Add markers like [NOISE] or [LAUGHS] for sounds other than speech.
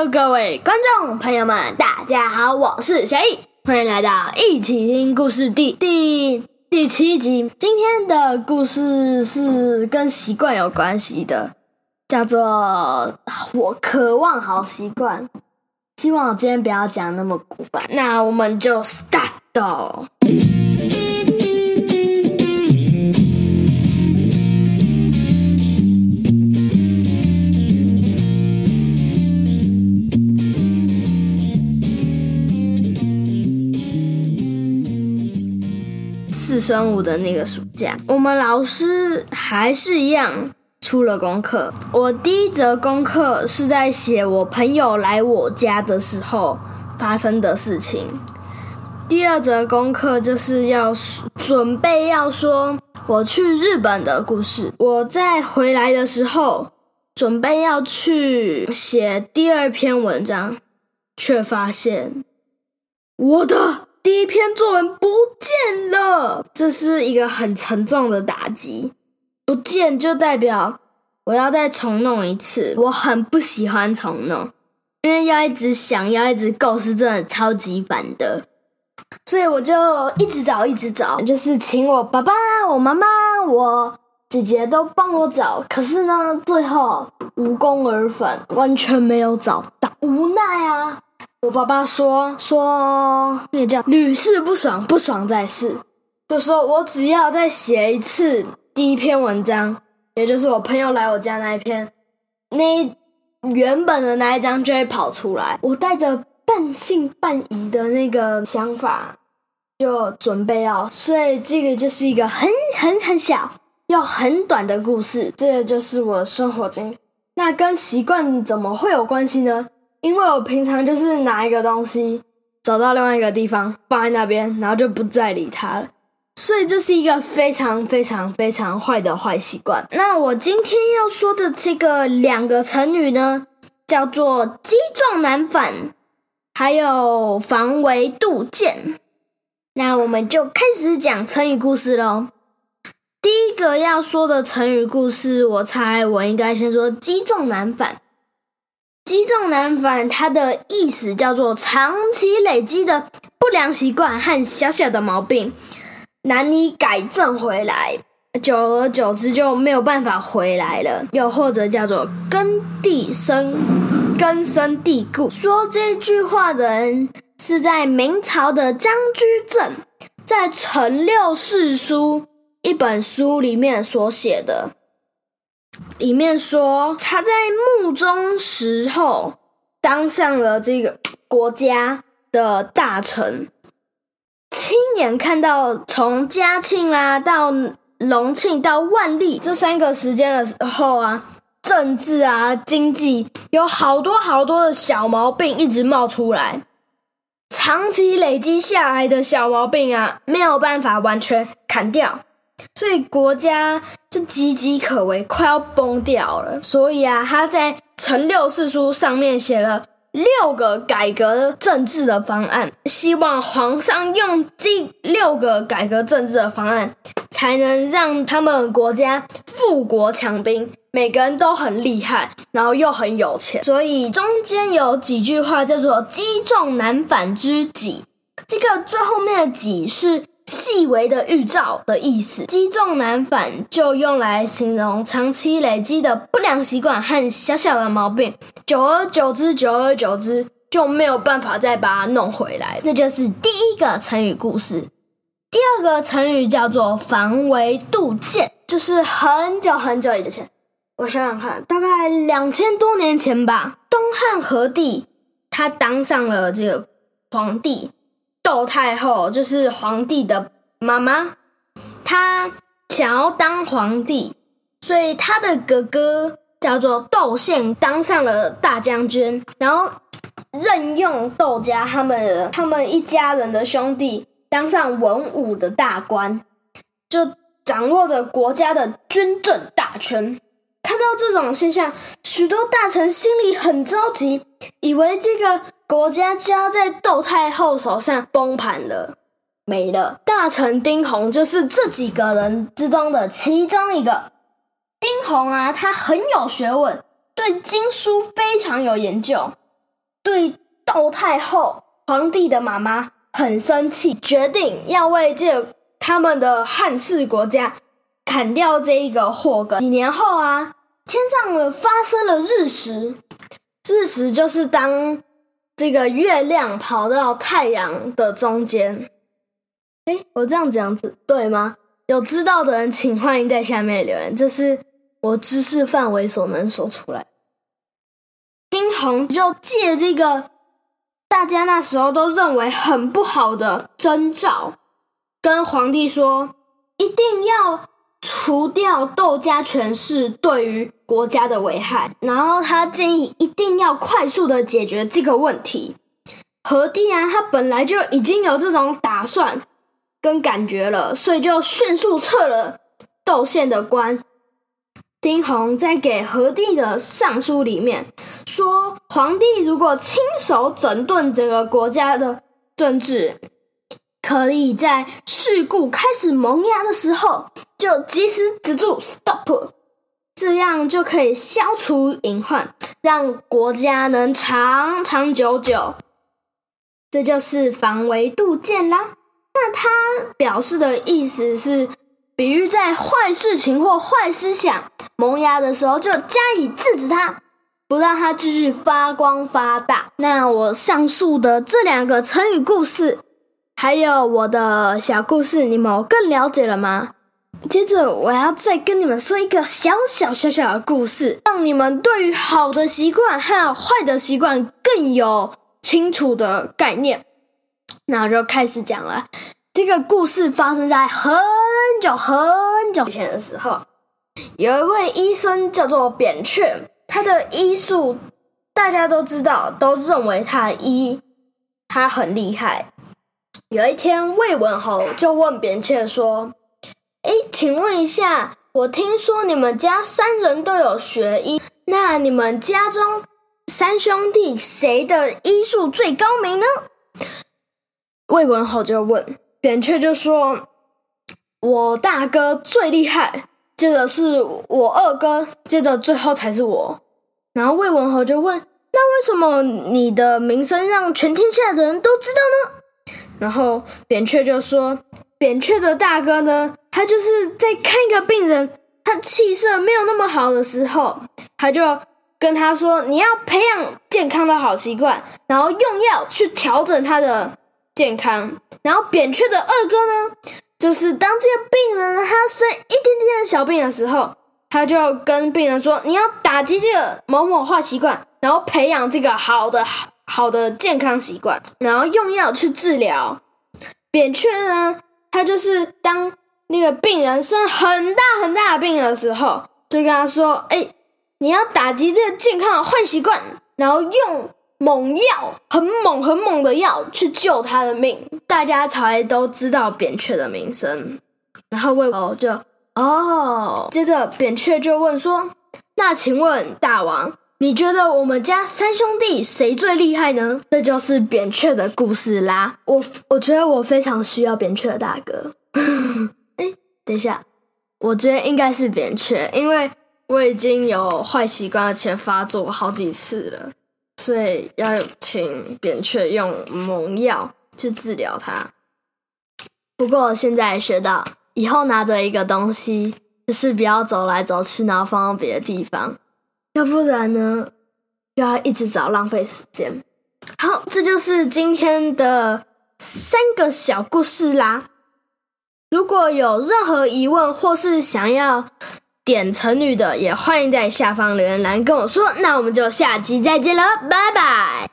Hello，各位觀眾朋友們，大家好，我是小易，歡迎來到一起聽故事第第第七集。今天的故事是跟習慣有關係的，叫做《我渴望好習慣》。希望我今天不要講那麼古板。那我們就 start 哦。四升五的那個暑假，我們老師還是一樣出了功課。我第一則功課是在寫我朋友來我家的時候發生的事情。第二則功課就是要準備要說我去日本的故事。我在回來的時候準備要去寫第二篇文章，却發現我的。第一篇作文不見了，這是一個很沉重的打擊。不見就代表我要再重弄一次。我很不喜歡重弄，因為要一直想，要一直構思，真的超級煩的。所以我就一直找，一直找，就是請我爸爸、我媽媽、我姐姐都幫我找。可是呢，最後無功而返，完全沒有找到，無奈啊。我爸爸說說也叫屢試不爽，不爽再試。就說我只要再寫一次第一篇文章，也就是我朋友來我家那一篇，那原本的那一章就會跑出來。我帶着半信半疑的那個想法，就準備要。所以這個就是一個很很很小又很短的故事。這個就是我的生活經歷。那跟習慣怎麼會有關係呢？因為我平常就是拿一個東西，走到另外一個地方，放在那邊，然後就不再理它了。所以這是一個非常非常非常壞的壞習慣。那我今天要說的這個兩個成語呢，叫做“積重難返”，還有“防微杜漸”。那我們就開始講成語故事嘍。第一個要說的成語故事，我猜我應該先說“積重難返”。積重難返，它的意思叫做長期累積的不良習慣和小小的毛病難以改正回來，久而久之就沒有辦法回來了。又或者叫做根蒂生，根深蒂固。說這句話的人是在明朝的張居正，在《陳六事書》一本書裡面所寫的。裡面說，他在穆宗時候當上了這個國家的大臣，親眼看到從嘉慶啊到隆慶到萬曆這三個時間的時候啊，政治啊經濟有好多好多的小毛病一直冒出來，長期累積下來的小毛病啊，沒有辦法完全砍掉。所以國家就岌岌可危，快要崩掉了。所以啊，他在《陳六事書》上面寫了六個改革政治的方案，希望皇上用盡六個改革政治的方案，才能讓他們國家富國強兵，每個人都很厲害，然後又很有錢。所以中間有幾句話叫做“積重難返之己”，這個最後面的“己”是。細微的預兆的意思，積重難返就用來形容長期累積的不良習慣和小小的毛病，久而久之，久而久之就沒有辦法再把它弄回來。這就是第一個成語故事。第二個成語叫做“防微杜漸”，就是很久很久以前，我想想看，大概兩千多年前吧。東漢和帝他當上了這個皇帝。竇太後就是皇帝的媽媽，她想要當皇帝，所以她的哥哥叫做竇憲，當上了大將軍，然後任用竇家他們他們一家人的兄弟當上文武的大官，就掌握着國家的軍政大權。看到這種現象，許多大臣心裡很着急，以為這個。國家就要在竇太后手上崩盤了，沒了。大臣丁鴻，就是這幾個人之中的其中一個。丁鴻啊，他很有學問，對經書非常有研究，對竇太後，皇帝的媽媽很生氣，決定要為這他們的漢室國家砍掉這一個禍根。幾年後啊，天上了發生了日食，日食就是當。這個月亮跑到太陽的中間，誒我這樣子樣子對嗎？有知道的人請歡迎在下面留言。這是我知識範圍所能說出來。丁鴻就借這個大家那時候都認為很不好的徵兆，跟皇帝說一定要。除掉竇家權勢對於國家的危害，然後他建議一定要快速的解決這個問題。和帝啊，他本來就已經有這種打算跟感覺了，所以就迅速撤了竇憲的官。丁鴻在給和帝的上書裡面說，皇帝如果親手整頓整個國家的政治。可以在事故開始萌芽的時候就及時止住，stop，這樣就可以消除隱患，讓國家能長長久久。這就是防微杜漸啦。那它表示的意思是，比喻，在壞事情或壞思想萌芽的時候就加以制止它，不讓它繼續發光發大。那我上述的這兩個成語故事。還有我的小故事，你們更了解了嗎？接着我要再跟你們說一個小小小小小的故事，讓你們對於好的習慣和壞的習慣更有清楚的概念。那我就開始講了。這個故事發生在很久很久以前的時候，有一位醫生叫做扁鵲，他的醫術大家都知道，都認為他醫他很厲害。有一天，魏文侯就問扁鵲說：“哎，請問一下，我聽說你們家三人都有學醫，那你們家中三兄弟誰的醫術最高明呢？”魏文侯就問扁鵲，就說：“我大哥最厲害，接着是我二哥，接着最後才是我。”然後魏文侯就問：“那為什麼你的名聲讓全天下的人都知道呢？”然後扁鵲就說：“扁鵲的大哥呢，他就是在看一個病人，他氣色沒有那麼好的時候，他就跟他說，你要培養健康的好習慣，然後用藥去調整他的健康。然後扁鵲的二哥呢，就是當這個病人他生一點點的小病的時候，他就跟病人說，你要打擊這個某某壞習慣，然後培養這個好的。”好的健康習慣，然後用藥去治療。扁鵲呢，他就是當那個病人生很大很大的病的時候，就跟他說：“哎、欸，你要打擊這個健康的壞習慣，然後用猛藥，很猛很猛的藥去救他的命。”大家才都知道扁鵲的名聲。然後魏侯就哦，接着扁鵲就問說：“那請問大王？”你覺得我們家三兄弟誰最厲害呢？這就是扁鵲的故事啦。我我覺得我非常需要扁鵲的大哥。哎、 [LAUGHS] 欸，等一下，我覺得應該是扁鵲，因為我已經有壞習慣的前發作好幾次了，所以要請扁鵲用猛藥去治療他。不過現在學到，以後拿着一個東西，就是不要走來走去，然後放到別的地方。要不然呢，又要一直找，浪費時間。好，這就是今天的三個小故事啦。如果有任何疑問或是想要點成語的，也歡迎在下方留言欄跟我說。那我們就下期再見了，拜拜。